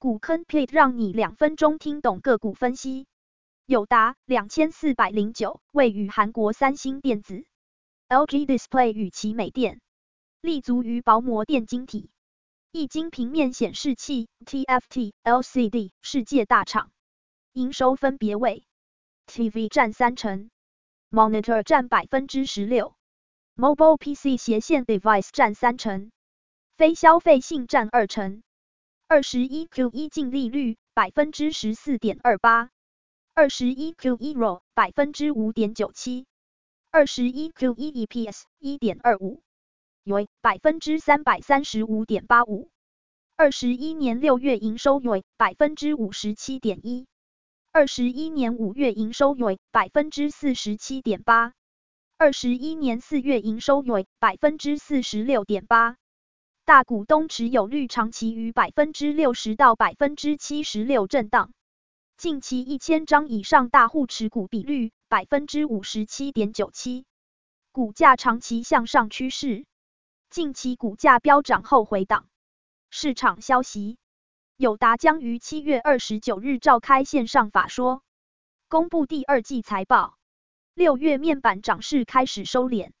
股坑派，讓你兩分鐘聽懂個股分析。友達兩千四百零九，位於韓國三星電子，LG Display 與奇美電，立足於薄膜電晶體，液晶平面顯示器 （TFT LCD） 世界大廠。營收分別為 TV 占三成，Monitor 占百分之十六，Mobile PC 斜線 device 占三成，非消費性占二成。二十一 Q 一淨利率百分之十四點二八，二十一 Q 一 ROE 百分之五點九七，二十一 Q 一 EPS 一點二五，YoY 百分之三百三十五點八五，二十一年六月營收 YoY 百分之五十七點一，二十一年五月營收 YoY 百分之四十七點八，二十一年四月營收 YoY 百分之四十六點八。大股東持有率長期於百分之六十到百分之七十六震盪，近期一千張以上大戶持股比率百分之五十七點九七，股價長期向上趨勢，近期股價飆漲後回檔。市場消息，友達將於七月二十九日召開線上法說，公布第二季財報。六月面板漲勢開始收斂，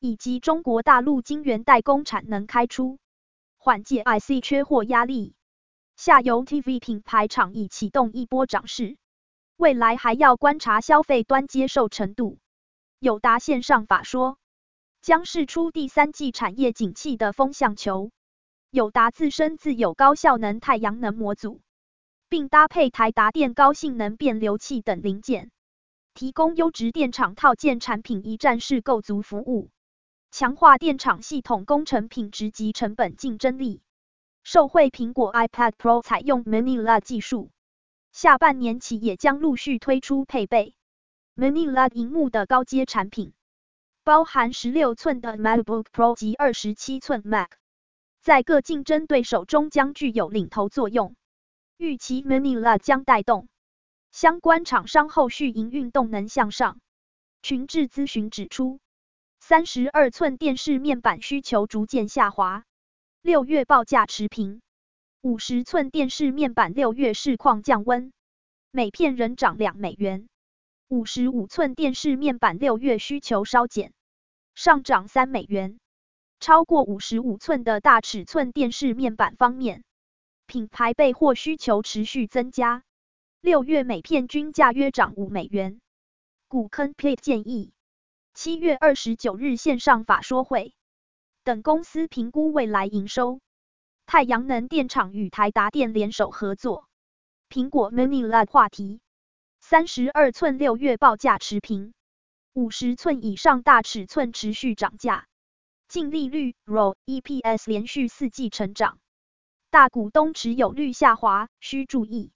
以及中國大陸晶圓代工產能開出。緩解 IC 缺貨壓力，下游 TV 品牌廠已啟動一波漲勢。未來還要觀察消費端接受程度。友達線上法說，將釋出第三季產業景氣的風向球。友達自身自有高效能太陽能模組，並搭配台達電高性能變流器等零件，提供優質電廠套件產品一站式購足服務。強化電廠系統工程品質及成本競爭力。受惠蘋果 iPad Pro 採用 Mini LED 技術，下半年起也將陸續推出配備 Mini LED 屏幕的高階產品，包含16寸的 MacBook Pro 及27寸 Mac，在各競爭對手中將具有領頭作用。預期 Mini LED 將帶動相關廠商後續營運動能向上。群智諮詢指出。三十二寸電視面板需求逐漸下滑，六月報價持平。五十寸電視面板六月市況降溫，每片仍漲兩美元。五十五寸電視面板六月需求稍減，上漲三美元。超過五十五寸的大尺寸電視面板方面，品牌備貨需求持續增加，六月每片均價約漲五美元。股坑 Pete 建議。七月二十九日線上法說會，等公司評估未來營收。太陽能電廠與台達電聯手合作。蘋果 Mini LED 話題，三十二寸六月報價持平，五十寸以上大尺寸持續漲價。淨利率 ROE EPS 連續四季成長，大股東持有率下滑，需注意。